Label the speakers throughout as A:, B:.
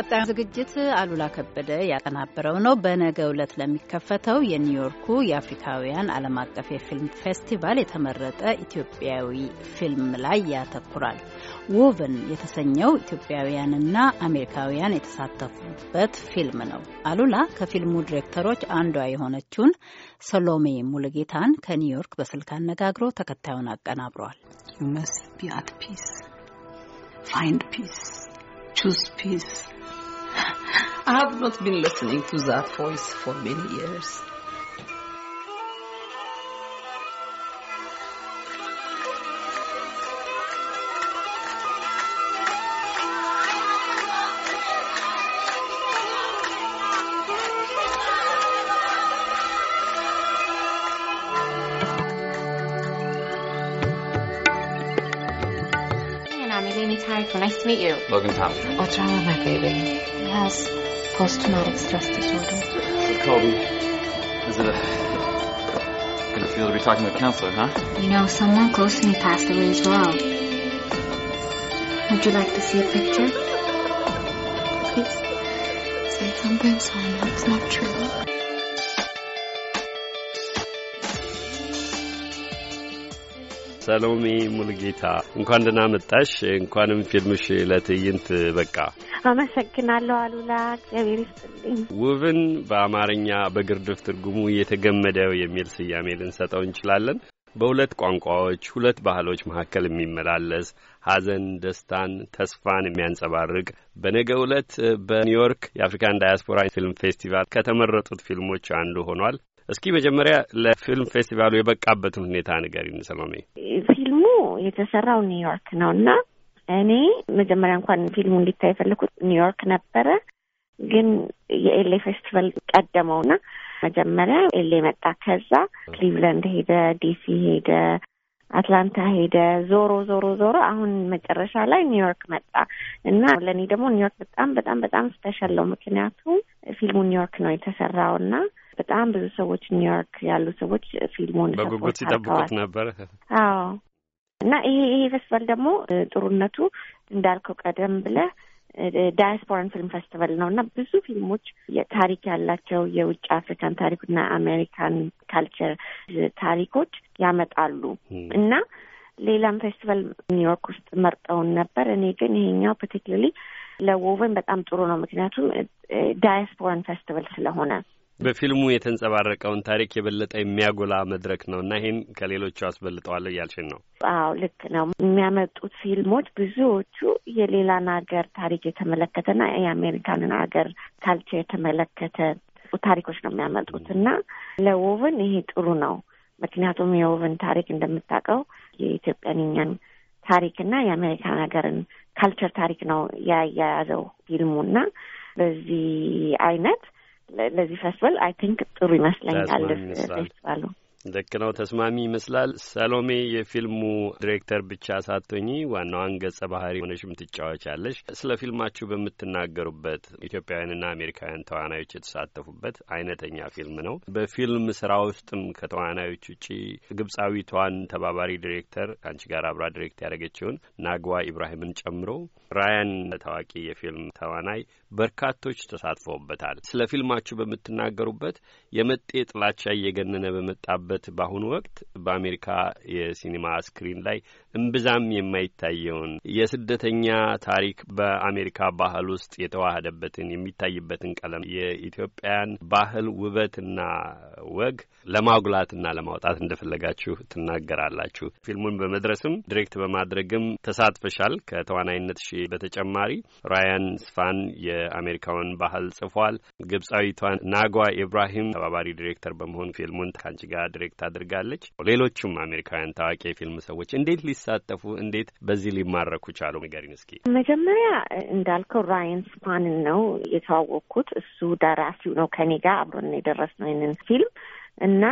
A: ቀጣዩ
B: ዝግጅት አሉላ ከበደ ያቀናበረው ነው። በነገ ዕለት ለሚከፈተው የኒውዮርኩ የአፍሪካውያን ዓለም አቀፍ የፊልም ፌስቲቫል የተመረጠ ኢትዮጵያዊ ፊልም ላይ ያተኩራል። ውቭን የተሰኘው ኢትዮጵያውያንና አሜሪካውያን የተሳተፉበት ፊልም ነው። አሉላ ከፊልሙ ዲሬክተሮች አንዷ የሆነችውን ሰሎሜ ሙልጌታን ከኒውዮርክ በስልክ አነጋግሮ ተከታዩን አቀናብረዋል። You must
A: be at ፒስ Find ፒስ Choose peace. I have not been listening to that voice for many years.
B: Jamie Tiger. Nice to meet you.
A: Logan Thompson.
B: What's wrong with my baby? He has post-traumatic stress disorder.
A: Kobe, is it a good feel to be talking to a counselor, huh?
B: You know, someone close to me passed away as well. Would you like to see a picture? Please
A: say something so I know it's not true. ሰሎሜ ሙልጌታ እንኳን ደህና መጣሽ። እንኳንም ፊልምሽ ለትዕይንት በቃ።
B: አመሰግናለሁ አሉላ እግዚአብሔር ይስጥልኝ።
A: ውብን በአማርኛ በግርድፍ ትርጉሙ የተገመደው የሚል ስያሜ ልንሰጠው እንችላለን። በሁለት ቋንቋዎች፣ ሁለት ባህሎች መካከል የሚመላለስ ሐዘን፣ ደስታን፣ ተስፋን የሚያንጸባርቅ በነገ ዕለት በኒውዮርክ የአፍሪካን ዳያስፖራ ፊልም ፌስቲቫል ከተመረጡት ፊልሞች አንዱ ሆኗል። እስኪ መጀመሪያ ለፊልም ፌስቲቫሉ የበቃበትን ሁኔታ ንገሪን ሰሎሜ።
B: ፊልሙ የተሰራው ኒውዮርክ ነው እና እኔ መጀመሪያ እንኳን ፊልሙ እንዲታይ የፈለኩት ኒውዮርክ ነበረ፣ ግን የኤሌ ፌስቲቫል ቀደመውና መጀመሪያ ኤሌ መጣ። ከዛ ክሊቭለንድ ሄደ፣ ዲሲ ሄደ፣ አትላንታ ሄደ። ዞሮ ዞሮ ዞሮ አሁን መጨረሻ ላይ ኒውዮርክ መጣ እና ለእኔ ደግሞ ኒውዮርክ በጣም በጣም በጣም ስፔሻል ነው። ምክንያቱም ፊልሙ ኒውዮርክ ነው የተሰራው እና በጣም ብዙ ሰዎች ኒውዮርክ ያሉ ሰዎች ፊልሙን በጉጉት ይጠብቁት ነበር። አዎ እና ይሄ ይሄ ፌስቲቫል ደግሞ ጥሩነቱ እንዳልከው ቀደም ብለህ ዳያስፖራን ፊልም ፌስቲቫል ነው እና ብዙ ፊልሞች ታሪክ ያላቸው የውጭ አፍሪካን እና አሜሪካን ካልቸር ታሪኮች ያመጣሉ እና ሌላም ፌስቲቫል ኒውዮርክ ውስጥ መርጠውን ነበር። እኔ ግን ይሄኛው ፐርቲክለርሊ ለወቨን በጣም ጥሩ ነው፣ ምክንያቱም ዳያስፖራን ፌስቲቫል ስለሆነ
A: በፊልሙ የተንጸባረቀውን ታሪክ የበለጠ የሚያጎላ መድረክ ነው እና ይህን ከሌሎቹ አስበልጠዋለሁ እያልሽን ነው?
B: አዎ ልክ ነው። የሚያመጡት ፊልሞች ብዙዎቹ የሌላን ሀገር ታሪክ የተመለከተና የአሜሪካንን ሀገር ካልቸር የተመለከተ ታሪኮች ነው የሚያመጡት እና ለውብን ይሄ ጥሩ ነው። ምክንያቱም የውብን ታሪክ እንደምታውቀው የኢትዮጵያን ታሪክ ታሪክና የአሜሪካን ሀገርን ካልቸር ታሪክ ነው ያያያዘው እና በዚህ አይነት ለዚህ ፌስቲቫል አይ ቲንክ ጥሩ ይመስለኛል ፌስቲቫሉ
A: ልክ ነው። ተስማሚ ይመስላል። ሰሎሜ የፊልሙ ዲሬክተር ብቻ ሳትሆኚ ዋናዋን ገጸ ባህሪ ሆነሽም ትጫወቻለሽ። ስለ ፊልማችሁ በምትናገሩበት ኢትዮጵያውያንና አሜሪካውያን ተዋናዮች የተሳተፉበት አይነተኛ ፊልም ነው። በፊልም ስራ ውስጥም ከተዋናዮች ውጪ ግብጻዊቷን ተባባሪ ዲሬክተር ከአንቺ ጋር አብራ ዲሬክት ያደረገችውን ናግዋ ኢብራሂምን ጨምሮ ራያን ታዋቂ የፊልም ተዋናይ በርካቶች ተሳትፈውበታል። ስለ ፊልማችሁ በምትናገሩበት የመጤ ጥላቻ እየገነነ በመጣበት ዓመት በአሁኑ ወቅት በአሜሪካ የሲኒማ ስክሪን ላይ እምብዛም የማይታየውን የስደተኛ ታሪክ በአሜሪካ ባህል ውስጥ የተዋሃደበትን የሚታይበትን ቀለም የኢትዮጵያን ባህል ውበትና ወግ ለማጉላትና ለማውጣት እንደፈለጋችሁ ትናገራላችሁ። ፊልሙን በመድረስም ዲሬክት በማድረግም ተሳትፈሻል። ከተዋናይነት ሺ በተጨማሪ ራያን ስፋን የአሜሪካውን ባህል ጽፏል። ግብፃዊቷን ናጓ ኢብራሂም ተባባሪ ዲሬክተር በመሆን ፊልሙን ከአንቺ ጋር ዲሬክት አድርጋለች። ሌሎችም አሜሪካውያን ታዋቂ የፊልም ሰዎች እንዴት ሊስ ሲሳተፉ እንዴት በዚህ ሊማረኩ ቻሉ? ንገሪን እስኪ።
B: መጀመሪያ እንዳልከው ራይን ስፓንን ነው የተዋወቅኩት። እሱ ደራሲው ነው ከኔ ጋር አብሮን የደረስነው ይህንን ፊልም እና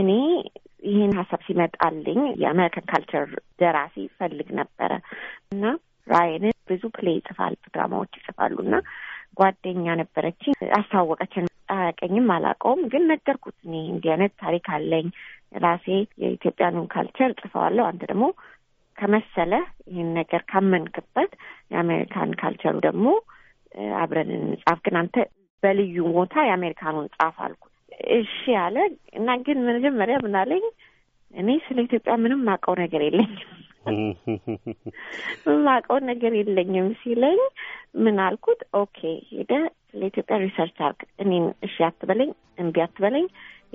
B: እኔ ይህን ሀሳብ ሲመጣልኝ የአሜሪካን ካልቸር ደራሲ ፈልግ ነበረ እና ራየንን ብዙ ፕሌይ ይጽፋል፣ ድራማዎች ይጽፋሉ እና ጓደኛ ነበረችኝ አስታወቀችን። አያውቀኝም፣ አላውቀውም፣ ግን ነገርኩት እኔ እንዲህ አይነት ታሪክ አለኝ ራሴ የኢትዮጵያኑን ካልቸር ጽፈዋለሁ አንተ ደግሞ ከመሰለ ይህን ነገር ካመንክበት የአሜሪካን ካልቸሩ ደግሞ አብረን እንጻፍ፣ ግን አንተ በልዩ ቦታ የአሜሪካኑን ጻፍ አልኩ። እሺ አለ እና ግን መጀመሪያ ምናለኝ እኔ ስለ ኢትዮጵያ ምንም ማውቀው ነገር የለኝም ማውቀው ነገር የለኝም ሲለኝ ምን አልኩት፣ ኦኬ ሄደህ ለኢትዮጵያ ሪሰርች አርግ እኔን እሺ አትበለኝ፣ እምቢ አትበለኝ፣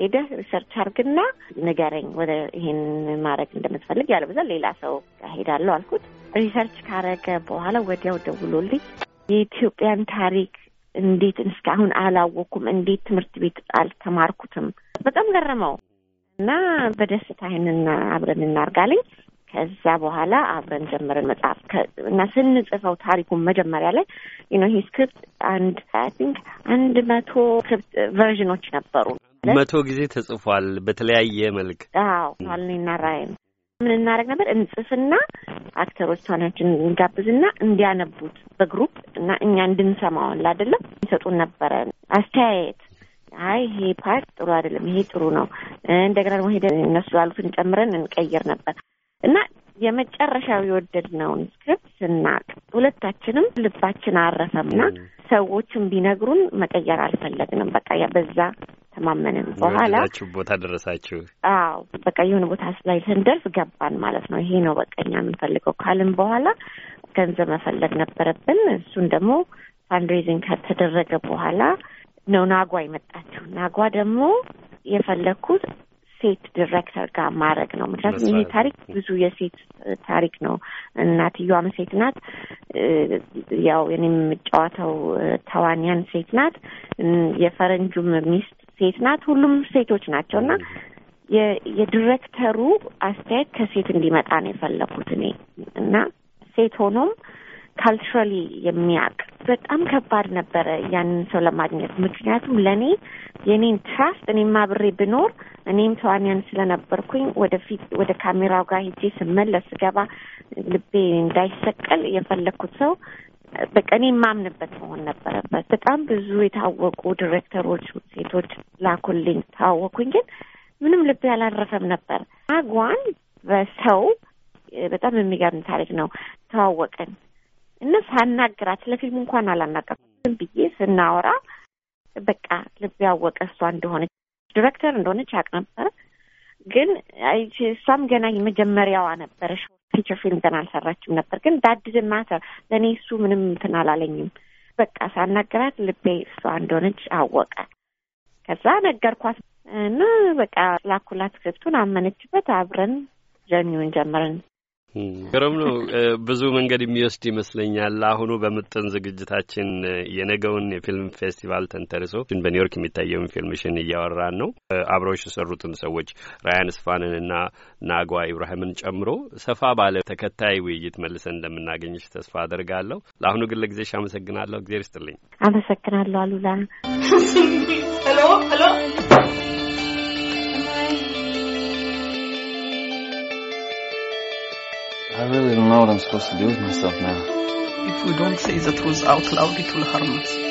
B: ሄደህ ሪሰርች አርግና ንገረኝ ወደ ይሄን ማድረግ እንደምትፈልግ ያለበዛ ሌላ ሰው ሄዳለሁ አልኩት። ሪሰርች ካረገ በኋላ ወዲያው ደውሎልኝ የኢትዮጵያን ታሪክ እንዴት እስካሁን አላወኩም፣ እንዴት ትምህርት ቤት አልተማርኩትም፣ በጣም ገረመው እና በደስታ ይህንን አብረን እናርጋለኝ ከዛ በኋላ አብረን ጀምረን መጽሐፍ እና ስንጽፈው ታሪኩን መጀመሪያ ላይ ዩኖ ይህ ስክሪፕት አንድ አይ ቲንክ አንድ መቶ ስክሪፕት ቨርዥኖች ነበሩ።
A: መቶ ጊዜ ተጽፏል በተለያየ መልክ።
B: አዎ እኔና ራይን ምን እናደርግ ነበር እንጽፍና አክተሮች ተዋናዮችን እንጋብዝና እንዲያነቡት በግሩፕ እና እኛ እንድንሰማውን ላደለም ይሰጡን ነበረ አስተያየት አይ ይሄ ፓርት ጥሩ አይደለም፣ ይሄ ጥሩ ነው። እንደገና ደግሞ ሄደን እነሱ ያሉትን ጨምረን እንቀይር ነበር። እና የመጨረሻው የወደድነውን ስክሪፕት ስናቅ ሁለታችንም ልባችን አረፈምና ሰዎችን ቢነግሩን መቀየር አልፈለግንም። በቃ ያ በዛ ተማመንን። በኋላ
A: ቦታ ደረሳችሁ?
B: አዎ በቃ የሆነ ቦታ ላይ ስንደርስ ገባን ማለት ነው። ይሄ ነው በቃ እኛ የምንፈልገው ካልን በኋላ ገንዘብ መፈለግ ነበረብን። እሱን ደግሞ ፋንድሬዚንግ ከተደረገ በኋላ ነው ናጓ የመጣችው። ናጓ ደግሞ የፈለግኩት ሴት ዲሬክተር ጋር ማድረግ ነው። ምክንያቱም ይሄ ታሪክ ብዙ የሴት ታሪክ ነው። እናትየዋም ሴት ናት። ያው እኔ የምጫወተው ተዋንያን ሴት ናት። የፈረንጁም ሚስት ሴት ናት። ሁሉም ሴቶች ናቸው እና የዲሬክተሩ አስተያየት ከሴት እንዲመጣ ነው የፈለኩት እኔ እና ሴት ሆኖም ካልቸራሊ የሚያውቅ በጣም ከባድ ነበረ ያንን ሰው ለማግኘት። ምክንያቱም ለእኔ የእኔን ትራስት እኔም አብሬ ብኖር እኔም ተዋንያን ስለነበርኩኝ ወደፊት ወደ ካሜራው ጋር ሄጄ ስመለስ ስገባ ልቤ እንዳይሰቀል የፈለግኩት ሰው በቃ እኔ የማምንበት መሆን ነበረበት። በጣም ብዙ የታወቁ ዲሬክተሮች ሴቶች ላኩልኝ፣ ተዋወኩኝ፣ ግን ምንም ልቤ አላረፈም ነበር። አጓን በሰው በጣም የሚገርም ታሪክ ነው። ተዋወቅን እና ሳናግራት ስለ ፊልሙ እንኳን አላናገርኩም ብዬ ስናወራ በቃ ልቤ ያወቀ እሷ እንደሆነች ዲሬክተር እንደሆነች አቅ ነበረ። ግን እሷም ገና የመጀመሪያዋ ነበረሽ ፊቸር ፊልም ገና አልሰራችም ነበር። ግን ዳድዝ ማተር ለእኔ እሱ ምንም እንትን አላለኝም። በቃ ሳናገራት ልቤ እሷ እንደሆነች አወቀ። ከዛ ነገርኳት እና በቃ ላኩላት ስክሪፕቱን፣ አመነችበት። አብረን ጀርኒውን ጀመርን።
A: ግሩም ነው። ብዙ መንገድ የሚወስድ ይመስለኛል። አሁኑ በምጥን ዝግጅታችን የነገውን የፊልም ፌስቲቫል ተንተርሶ በኒውዮርክ የሚታየውን ፊልምሽን እያወራን ነው። አብረውሽ የሰሩትን ሰዎች ራያን ስፋንንና ናጓ ኢብራሂምን ጨምሮ ሰፋ ባለ ተከታይ ውይይት መልሰን እንደምናገኝሽ ተስፋ አደርጋለሁ። ለአሁኑ ግን ለጊዜሽ አመሰግናለሁ። እግዜር ይስጥልኝ።
B: አመሰግናለሁ አሉላ።
A: really don't know what I'm supposed to do with myself now.
B: If we don't say the truth out loud, it will harm us.